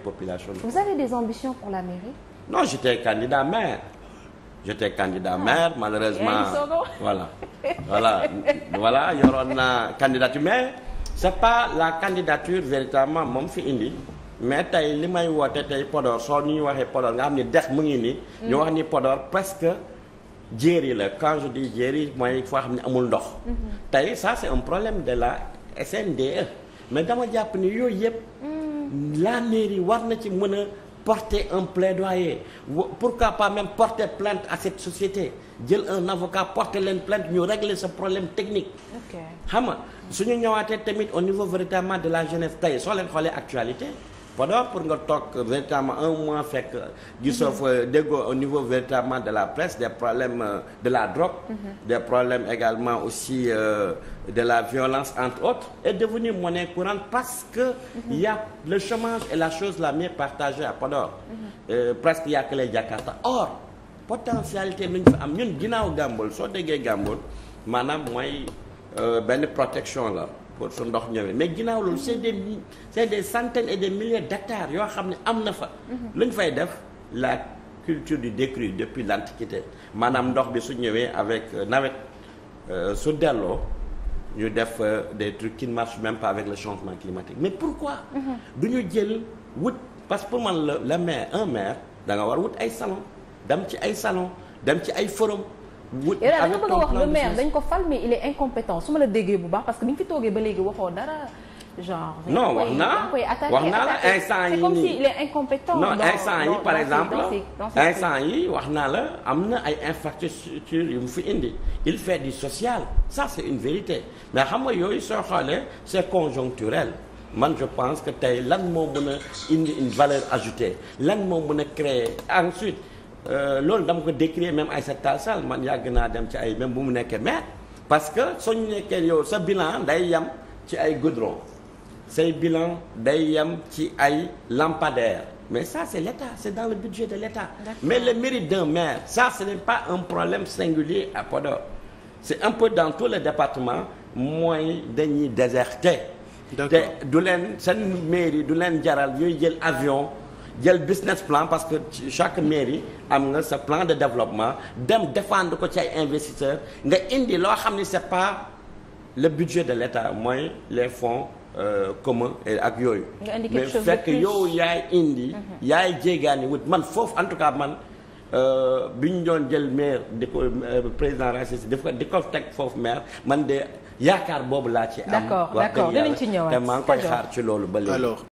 population. Vous avez des ambitions pour la mairie? Non, j'étais candidat maire. j'étais candidat ah. maire malheureusement voilà voilà voilà yoroon na candidature mais c'est pas la candidature véritablement moom fi indi mais tey li may woote tey Podor soo ñuy waxee Podor nga xam ni dex mu ngi nii. ñu wax ni Podor presque jéeri la quand je dis jéeri mooy foo xam ni amul ndox. Mhm. tey ça c'est un problème de la SNDE mais dama jàpp ni yooyu yëpp. Mm. la mairie war na ci mën a porter un plaidoyer pourquoi pas même porter plainte à cette société jël un avocat porter leen plainte ñu régler ce problème technique. ok nga su ñu ñëwaatee tamit au niveau véritablement de la jeunesse tey soo leen xoolee actualité. Podor pour nga toog véritablement un mois fekk gisoo fa déggoo au niveau véritablement de la presse des problèmes euh, de la drogue mm-hmm. des problèmes également aussi euh, de la violence entre autres est devenue monnaie courante parce que mm-hmm. y a le chômage est la chose la mieux partagée à Podor mm-hmm. euh, presque y a que les Jakarta or potentialité lu am ñun ginnaaw Gàmbool soo déggee Gàmbool maanaam moy benn protection la boo fa ndox ñëwee mais ginnaaw loolu c'est des c'est des centaines et des milliers d'hectares yoo xam ne am na fa. Mhm. lañ fay def la culture du décrue depuis l'antiquité maanaam ndox bi su ñëwee avec euh, nawet euh, su delloo ñu def euh, des trucs qui ne marchent même pas avec le changement climatique mais pourquoi. Mhm. du ñu jël wut parce que pour man la la maire un maire danga war wut ay salon dem ci ay salon dem ci ay forum. wut wax le dañ ko fal mais il est incompétent su ma la déggee bu baax parce que bi ñu fi toogee ba léegi waxoo dara. genre non wax naa wax naa la instant yi comme si il est par exemple instant yi wax naa la am na ay infrastructures yu mu fi indi il fait du social ça c'est une vérité mais xam nga yooyu soo xoolee c'est conjoncturel man je pense que tey lan moo mën a indi une valeur ajoutée lan moo mën a créer ensuite Euh, loolu dama ko décrier même Aïssata Tall Sall man yàgg naa dem ci ay même bu mu nekkee maire parce que suñu nekkee yow sa bilan day yem ci ay goudron say bilan day yem ci ay lampadaire mais ça c'est l'État c'est dans le budget de l'État mais le mérite d'un maire ça ce n'est pas un problème singulier à Podor c'est un peu dans tout le département mooy dañuy déserté te du leen seen mairie du leen jaral ñuy jël avion jël business plan parce que chaque mairie am nga sa plan de développement dem défendre ko ci ay investisseurs nga indi loo xam ni c'est pas le budget de l'État mooy les fonds Euh, commun ak yooyu. mais fekk yow yaay indi. Mhm. yaay jéegaani wut man foofu en tout cas man euh, bi ñu doon jël maire di ko euh, président Racine di ko di ko teg foofu maire man de yaakaar boobu laa ci am. d'accord d'accord dinañ ci koy xaar ci loolu ba léegi.